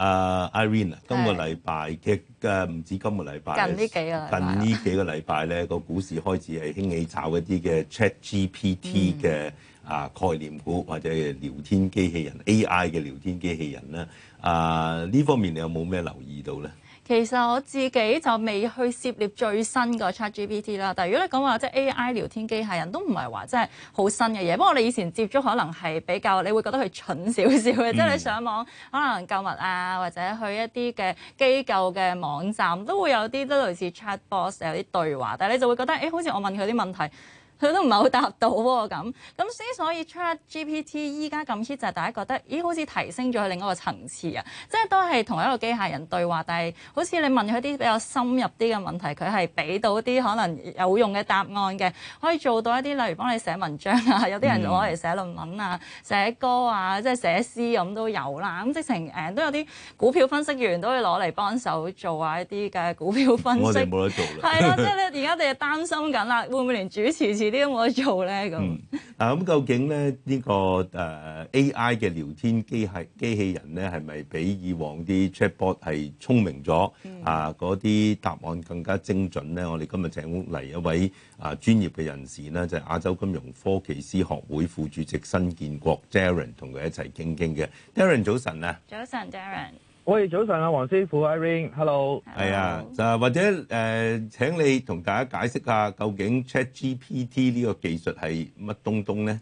啊、uh，Irene 啊，今個禮拜嘅，誒唔止今個禮拜，近呢幾個近呢幾個禮拜咧，個 股市開始係興起炒一啲嘅 ChatGPT 嘅啊概念股、嗯、或者聊天機器人 AI 嘅聊天機器人啦。啊、uh, 呢方面你有冇咩留意到咧？其實我自己就未去涉獵最新個 ChatGPT 啦，但係如果你講話即、即係、AI 聊天機械人，都唔係話即係好新嘅嘢。不過我哋以前接觸可能係比較，你會覺得佢蠢少少嘅，即係你上網可能購物啊，或者去一啲嘅機構嘅網站都會有啲都類似 chatbot 有啲對話，但係你就會覺得、欸、好似我問佢啲問題。佢都唔係好答到喎，咁咁之所以 ChatGPT 依家咁 hit 就係大家覺得，咦，好似提升咗佢另一個層次啊，即係都係同一個機械人對話，但係好似你問佢啲比較深入啲嘅問題，佢係俾到啲可能有用嘅答案嘅，可以做到一啲例如幫你寫文章啊，有啲人攞嚟寫論文啊、嗯、寫歌啊、即係寫詩咁都有啦。咁直情誒都有啲股票分析員都會攞嚟幫手做下一啲嘅股票分析。我哋冇得做啦。係咯， 即係你而家哋擔心緊啦，會唔會連主持？啲都冇得做咧咁。嗱 咁、嗯啊、究竟咧呢、呢個誒、啊、AI 嘅聊天機械機器人咧，係咪比以往啲 Chatbot 係聰明咗、嗯？啊，嗰啲答案更加精準咧？我哋今日請嚟一位啊專業嘅人士啦，就係、是、亞洲金融科技師學會副主席辛建國 Darren，同佢一齊傾傾嘅。Darren 早晨啊，早晨 Darren。喂，早晨啊，黃師傅，Irene，hello，係啊，就或者誒、呃，請你同大家解釋下，究竟 ChatGPT 呢個技術係乜東東咧？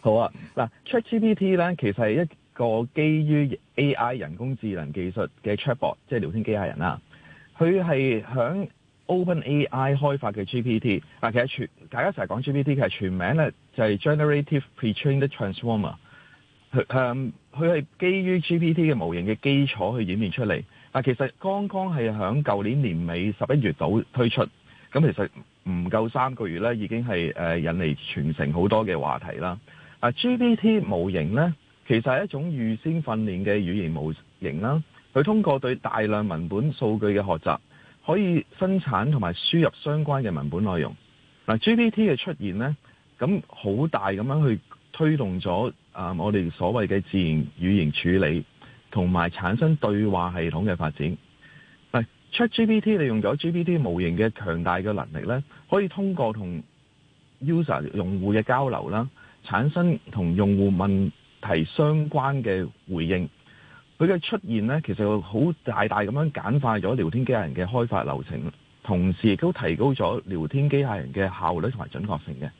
好啊，嗱、啊、ChatGPT 咧其實係一個基於 AI 人工智能技術嘅 Chatbot，即係聊天機械人啦。佢係響 OpenAI 開發嘅 GPT，但、啊、其實全大家成日講 GPT 其實全名咧，就係 Generative Pretrained Transformer。嗯。佢係基於 GPT 嘅模型嘅基礎去演變出嚟，但其實剛剛係響舊年年尾十一月度推出，咁其實唔夠三個月咧，已經係誒引嚟全城好多嘅話題啦。啊，GPT 模型呢，其實係一種預先訓練嘅語言模型啦，佢通過對大量文本數據嘅學習，可以生產同埋輸入相關嘅文本內容。嗱，GPT 嘅出現呢，咁好大咁樣去推動咗。啊！我哋所謂嘅自然語言處理同埋產生對話系統嘅發展，係 ChatGPT，利用咗 GPT 模型嘅強大嘅能力咧，可以通過同 user 用戶嘅交流啦，產生同用戶問題相關嘅回應。佢嘅出現咧，其實好大大咁樣簡化咗聊天機械人嘅開發流程，同時亦都提高咗聊天機械人嘅效率同埋準確性嘅。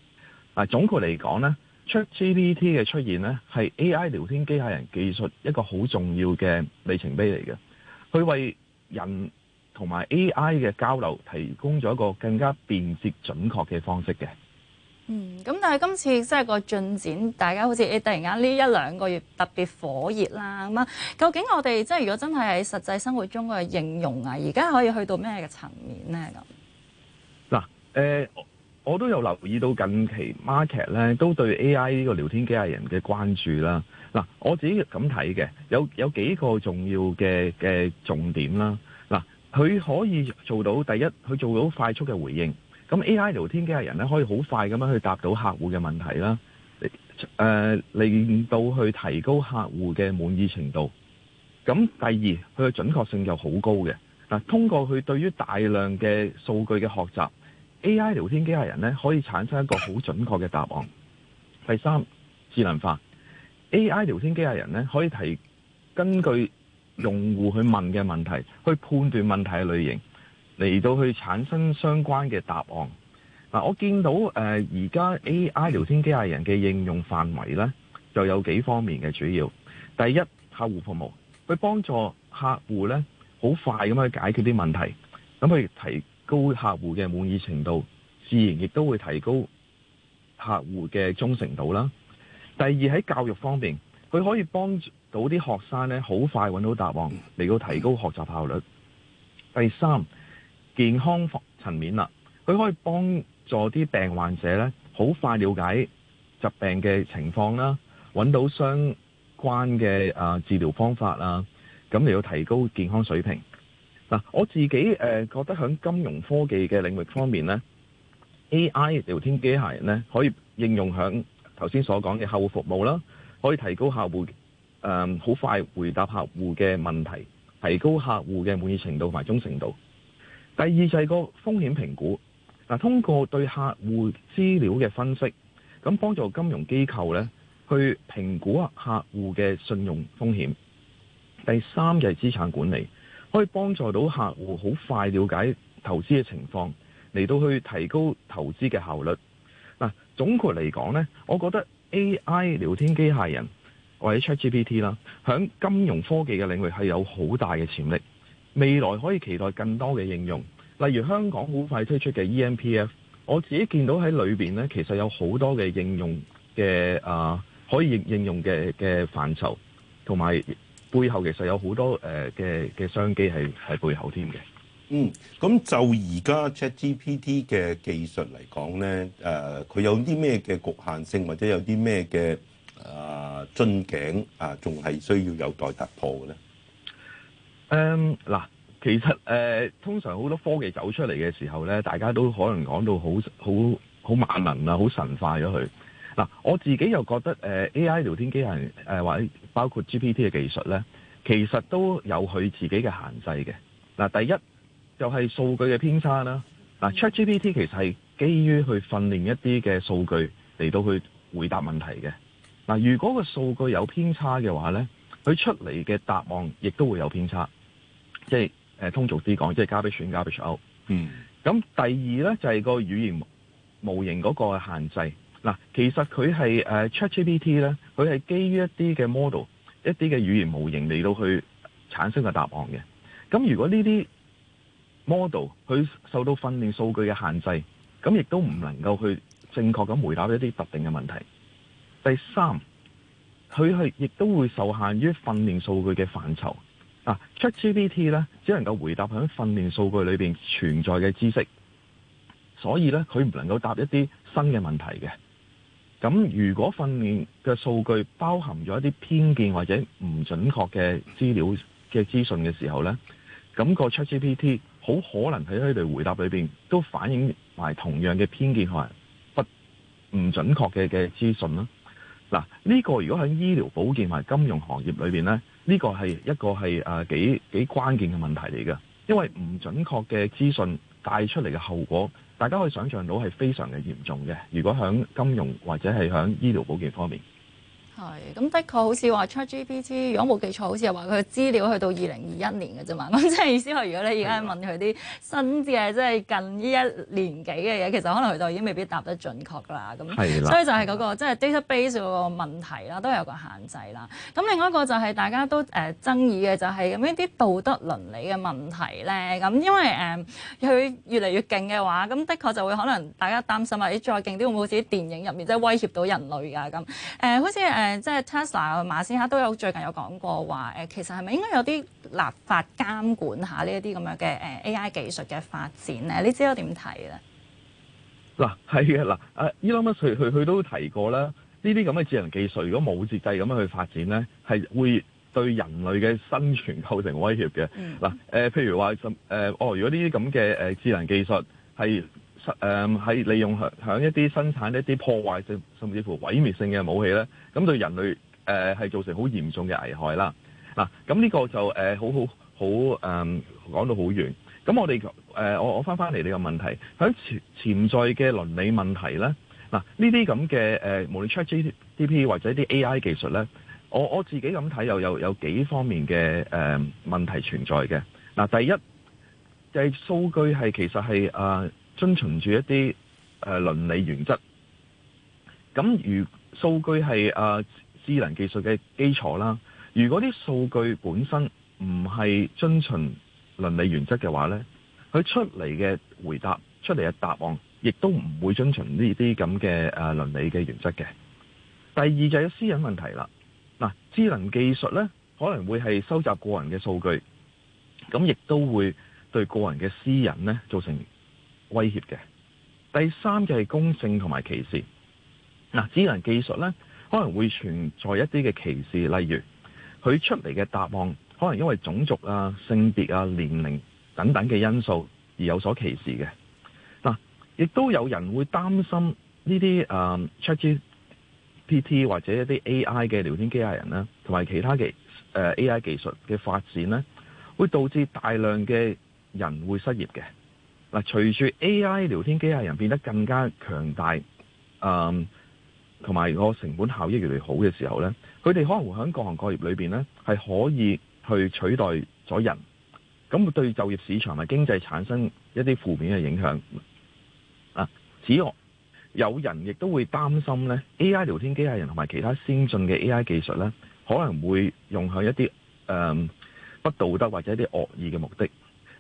嗱，總括嚟講咧。ChatGPT 嘅出現呢，係 AI 聊天機械人技術一個好重要嘅里程碑嚟嘅。佢為人同埋 AI 嘅交流提供咗一個更加便捷準確嘅方式嘅。嗯，咁但係今次即係、就是、個進展，大家好似誒突然間呢一兩個月特別火熱啦。咁啊，究竟我哋即係如果真係喺實際生活中嘅應用啊，而家可以去到咩嘅層面呢？咁、嗯、嗱，誒、呃。我都有留意到近期 market 咧都對 AI 呢個聊天機械人嘅關注啦。嗱，我自己咁睇嘅有有幾個重要嘅嘅重點啦。嗱，佢可以做到第一，佢做到快速嘅回應。咁 AI 聊天機械人咧可以好快咁樣去答到客戶嘅問題啦，誒、呃，令到去提高客戶嘅滿意程度。咁第二，佢嘅準確性又好高嘅。嗱，通過佢對於大量嘅數據嘅學習。A.I. 聊天機械人咧可以產生一個好準確嘅答案。第三，智能化。A.I. 聊天機械人咧可以提根據用戶去問嘅問題，去判斷問題嘅類型，嚟到去產生相關嘅答案。嗱、啊，我見到誒而家 A.I. 聊天機械人嘅應用範圍咧就有幾方面嘅主要。第一，客戶服務，去幫助客戶咧好快咁去解決啲問題，咁去提。高客戶嘅滿意程度，自然亦都會提高客戶嘅忠誠度啦。第二，喺教育方面，佢可以幫到啲學生咧，好快揾到答案，嚟到提高學習效率。第三，健康層面啦，佢可以幫助啲病患者呢好快了解疾病嘅情況啦，揾到相關嘅啊治療方法啦，咁嚟到提高健康水平。我自己誒覺得響金融科技嘅領域方面 AI 聊天機械人可以應用響頭先所講嘅客戶服務啦，可以提高客戶誒好快回答客戶嘅問題，提高客戶嘅滿意程度同埋忠誠度。第二就係個風險評估，嗱，通過對客戶資料嘅分析，咁幫助金融機構去評估客戶嘅信用風險。第三就係資產管理。可以幫助到客戶好快的了解投資嘅情況，嚟到去提高投資嘅效率。嗱，總括嚟講呢，我覺得 AI 聊天機械人或者 ChatGPT 啦，響金融科技嘅領域係有好大嘅潛力。未來可以期待更多嘅應用，例如香港好快推出嘅 EMPF，我自己見到喺裏邊呢，其實有好多嘅應用嘅啊，可以應用嘅嘅範疇同埋。背後其實有好多誒嘅嘅商機係喺背後添嘅。嗯，咁就而家 ChatGPT 嘅技術嚟講咧，誒佢有啲咩嘅局限性，或者有啲咩嘅啊樽頸啊，仲係需要有待突破嘅咧？嗯，嗱，其實誒，通常好多科技走出嚟嘅時候咧，大家都可能講到好好好萬能啊，好神化咗佢。嗱、啊，我自己又覺得誒、呃、AI 聊天機械人誒或者包括 GPT 嘅技術咧，其實都有佢自己嘅限制嘅。嗱、啊，第一就係、是、數據嘅偏差啦。嗱、啊、ChatGPT、嗯、其實係基於去訓練一啲嘅數據嚟到去回答問題嘅。嗱、啊，如果個數據有偏差嘅話咧，佢出嚟嘅答案亦都會有偏差。即係、啊、通俗啲講，即係 garbage in，garbage out，嗯。咁、啊、第二咧就係、是、個語言模型嗰個限制。嗱，其實佢係誒 ChatGPT 咧，佢係基於一啲嘅 model、一啲嘅語言模型嚟到去產生個答案嘅。咁如果呢啲 model 佢受到訓練數據嘅限制，咁亦都唔能夠去正確咁回答一啲特定嘅問題。第三，佢係亦都會受限於訓練數據嘅範疇。嗱，ChatGPT 咧只能夠回答響訓練數據裏邊存在嘅知識，所以咧佢唔能夠答一啲新嘅問題嘅。咁如果訓練嘅數據包含咗一啲偏見或者唔準確嘅資料嘅資訊嘅時候呢，咁個 ChatGPT 好可能喺佢哋回答裏面都反映埋同樣嘅偏見同埋不唔準確嘅嘅資訊啦。嗱，呢個如果喺醫療保健同埋金融行業裏面，呢呢個係一個係誒幾幾關鍵嘅問題嚟嘅，因為唔準確嘅資訊帶出嚟嘅後果大家可以想象到係非常嘅嚴重嘅，如果喺金融或者係喺醫療保健方面。係，咁的確好似話出 ChatGPT，如果冇記錯，好似係話佢資料去到二零二一年嘅啫嘛。咁即係意思係，如果你而家問佢啲新嘅，即係近呢一年幾嘅嘢，其實可能佢就已經未必答得準確啦。咁，所以就係嗰、嗰個係即係 database 嗰個問題啦，都有一個限制啦。咁另外一個就係大家都誒、呃、爭議嘅，就係咁呢啲道德倫理嘅問題咧。咁因為誒佢、呃、越嚟越勁嘅話，咁的確就會可能大家擔心啊！你再勁啲會唔會好似啲電影入面，即、就、係、是、威脅到人類㗎咁。誒、呃，好似誒。呃即係 Tesla 啊、馬斯克都有最近有講過話，誒其實係咪應該有啲立法監管一下呢一啲咁樣嘅誒 AI 技術嘅發展咧？你知道我點睇咧？嗱係嘅，嗱阿 Elon Musk 佢佢都提過啦，呢啲咁嘅智能技術如果冇節制咁樣去發展咧，係會對人類嘅生存構成威脅嘅。嗱、嗯、誒，譬如話誒，哦，如果呢啲咁嘅誒智能技術係。誒、嗯、係利用響一啲生產一啲破壞性甚至乎毀滅性嘅武器咧，咁對人類誒係、呃、造成好嚴重嘅危害啦。嗱、啊，咁呢個就誒、呃、好好好誒、嗯、講到好遠。咁我哋誒、呃、我我翻翻嚟呢個問題，響潛在嘅倫理問題咧，嗱呢啲咁嘅誒無論 ChatGPT 或者一啲 AI 技術咧，我我自己咁睇又有有，有幾方面嘅誒、啊、問題存在嘅。嗱、啊、第一就係、是、數據係其實係誒。啊遵循住一啲誒倫理原則。咁，如數據係啊智能技術嘅基礎啦。如果啲數據本身唔係遵循倫理原則嘅話呢，佢出嚟嘅回答，出嚟嘅答案，亦都唔會遵循呢啲咁嘅誒倫理嘅原則嘅。第二就係私隱問題啦。嗱，智能技術呢可能會係收集個人嘅數據，咁亦都會對個人嘅私隱呢造成，威脅嘅。第三嘅係公正同埋歧視。嗱，智能技術咧可能會存在一啲嘅歧視，例如佢出嚟嘅答案可能因為種族啊、性別啊、年齡等等嘅因素而有所歧視嘅。嗱、啊，亦都有人會擔心呢啲 ChatGPT、嗯、或者一啲 AI 嘅聊天機械人咧，同埋其他嘅、呃、AI 技術嘅發展咧，會導致大量嘅人會失業嘅。嗱，隨住 A.I. 聊天機械人變得更加強大，誒、嗯，同埋個成本效益越嚟越好嘅時候呢，佢哋可能會喺各行各業裏面呢係可以去取代咗人，咁對就業市場同埋經濟產生一啲負面嘅影響。啊，此外，有人亦都會擔心呢，A.I. 聊天機械人同埋其他先進嘅 A.I. 技術呢可能會用向一啲誒、嗯、不道德或者一啲惡意嘅目的。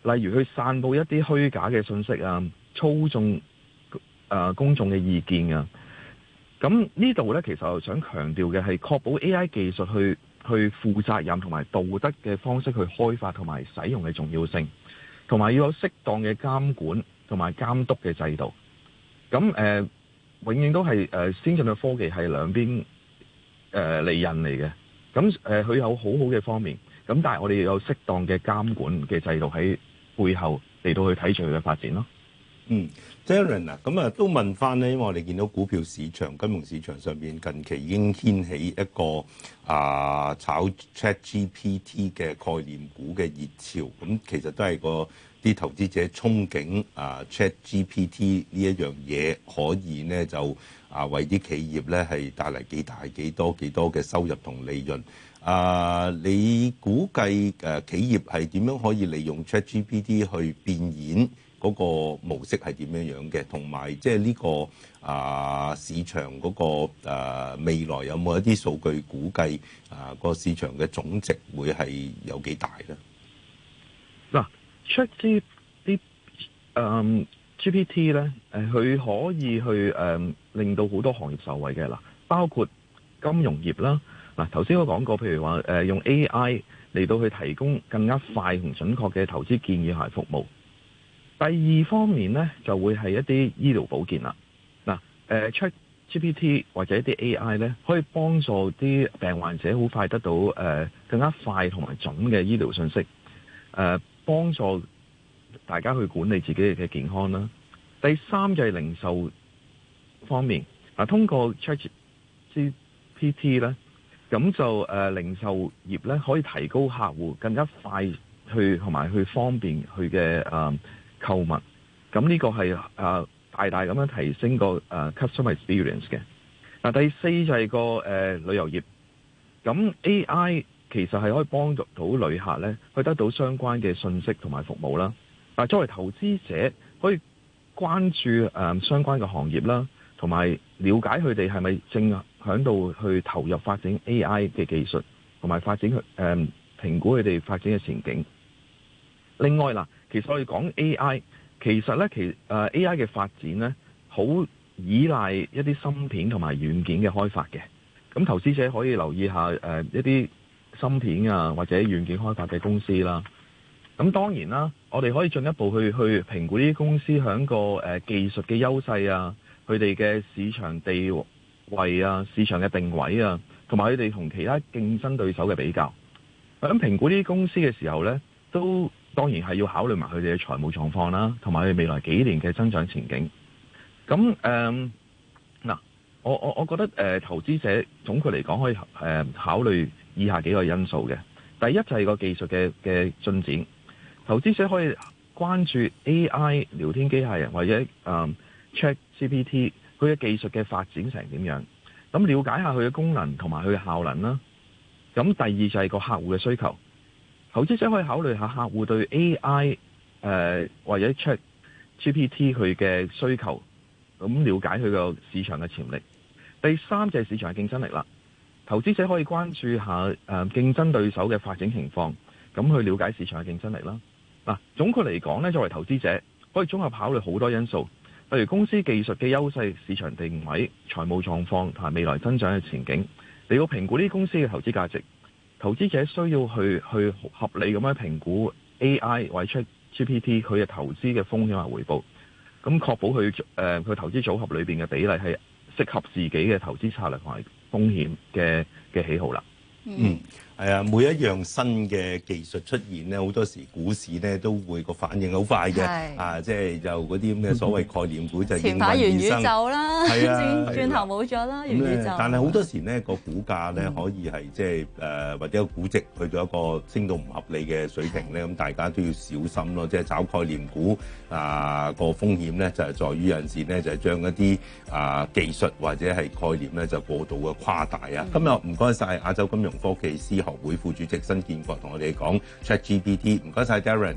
例如去散佈一啲虛假嘅信息啊，操縱誒、呃、公眾嘅意見啊。咁呢度呢，其實我想強調嘅係確保 AI 技術去去負責任同埋道德嘅方式去開發同埋使用嘅重要性，同埋要有適當嘅監管同埋監督嘅制度。咁誒、呃，永遠都係、呃、先進嘅科技係兩邊、呃、利刃嚟嘅。咁誒，佢、呃、有好好嘅方面，咁但係我哋要有適當嘅監管嘅制度喺，背後嚟到去睇住佢嘅發展咯。嗯，Jalen 嗱，咁啊都問翻咧，因為我哋見到股票市場、金融市場上邊近期已經掀起一個啊炒 ChatGPT 嘅概念股嘅熱潮，咁其實都係個啲投資者憧憬啊 ChatGPT 呢一樣嘢可以咧就啊為啲企業咧係帶嚟幾大幾多幾多嘅收入同利潤。啊！你估計誒企業係點樣可以利用 ChatGPT 去變現嗰個模式係點樣樣嘅？同埋即係呢個啊市場嗰個、誒、未來有冇一啲數據估計啊個市場嘅總值會係有幾大咧？嗱，ChatG 啲誒 GPT 咧、um, 誒，佢可以去誒、um, 令到好多行業受惠嘅嗱，包括金融業啦。嗱，頭先我講過，譬如話，誒，用 A.I. 嚟到去提供更加快同準確嘅投資建議同埋服務。第二方面呢，就會係一啲醫療保健啦。嗱、呃，誒，Chat GPT 或者一啲 A.I. 呢，可以幫助啲病患者好快得到，誒、呃，更加快同埋準嘅醫療信息，誒、呃，幫助大家去管理自己嘅健康啦。第三就係零售方面，嗱、呃，通過 Chat GPT 咧。咁就誒、呃、零售業咧，可以提高客戶更加快去同埋去方便佢嘅誒購物。咁呢個係誒、呃、大大咁樣提升個、呃、customer experience 嘅。嗱、呃、第四就係個、呃、旅遊業，咁 AI 其實係可以幫助到旅客咧，去得到相關嘅信息同埋服務啦。但作為投資者，可以關注、呃、相關嘅行業啦。同埋了解佢哋係咪正響度去投入發展 AI 嘅技術，同埋發展佢誒、呃、評估佢哋發展嘅前景。另外啦，其實我哋講 AI，其實咧其誒、呃、AI 嘅發展咧，好依賴一啲芯片同埋軟件嘅開發嘅。咁投資者可以留意下、呃、一啲芯片啊或者軟件開發嘅公司啦。咁當然啦，我哋可以進一步去去評估呢啲公司響、個、呃、技術嘅優勢啊。佢哋嘅市場地位啊，市場嘅定位啊，同埋佢哋同其他競爭對手嘅比較。咁評估呢啲公司嘅時候呢，都當然係要考慮埋佢哋嘅財務狀況啦、啊，同埋佢未來幾年嘅增長前景。咁誒嗱，我我我覺得誒投資者總括嚟講可以誒考慮以下幾個因素嘅。第一就係個技術嘅嘅進展，投資者可以關注 AI 聊天機械人或者誒 ChatGPT。嗯 GPT 佢嘅技術嘅發展成點樣？咁了解下佢嘅功能同埋佢嘅效能啦。咁第二就係個客戶嘅需求，投資者可以考慮下客戶對 AI 誒、呃、或者 ChatGPT 佢嘅需求，咁了解佢個市場嘅潛力。第三就係市場嘅競爭力啦，投資者可以關注下誒競爭對手嘅發展情況，咁去了解市場嘅競爭力啦。嗱，總括嚟講呢，作為投資者可以綜合考慮好多因素。例如公司技術嘅優勢、市場定位、財務狀況同埋未來增長嘅前景，你要評估呢啲公司嘅投資價值。投資者需要去去合理咁樣評估 AI 或者 GPT 佢嘅投資嘅風險同埋回報，咁確保佢誒佢投資組合裏邊嘅比例係適合自己嘅投資策略同埋風險嘅嘅喜好啦。嗯。係啊，每一樣新嘅技術出現咧，好多時股市咧都會個反應好快嘅，啊，即係就嗰啲咁嘅所謂概念股就應運而生，元宇宙啦，先轉、啊啊、頭冇咗啦，元宇宙，但係好多時呢個股價咧可以係即係誒或者個估值去到一個升到唔合理嘅水平咧，咁大家都要小心咯。即係找概念股啊個、呃、風險咧就係、是、在於有陣時呢，就係、是、將一啲啊、呃、技術或者係概念咧就過度嘅誇大啊。嗯、今日唔該晒亞洲金融科技師會副主席辛建國同我哋講 ChatGPT 唔該晒 Darren。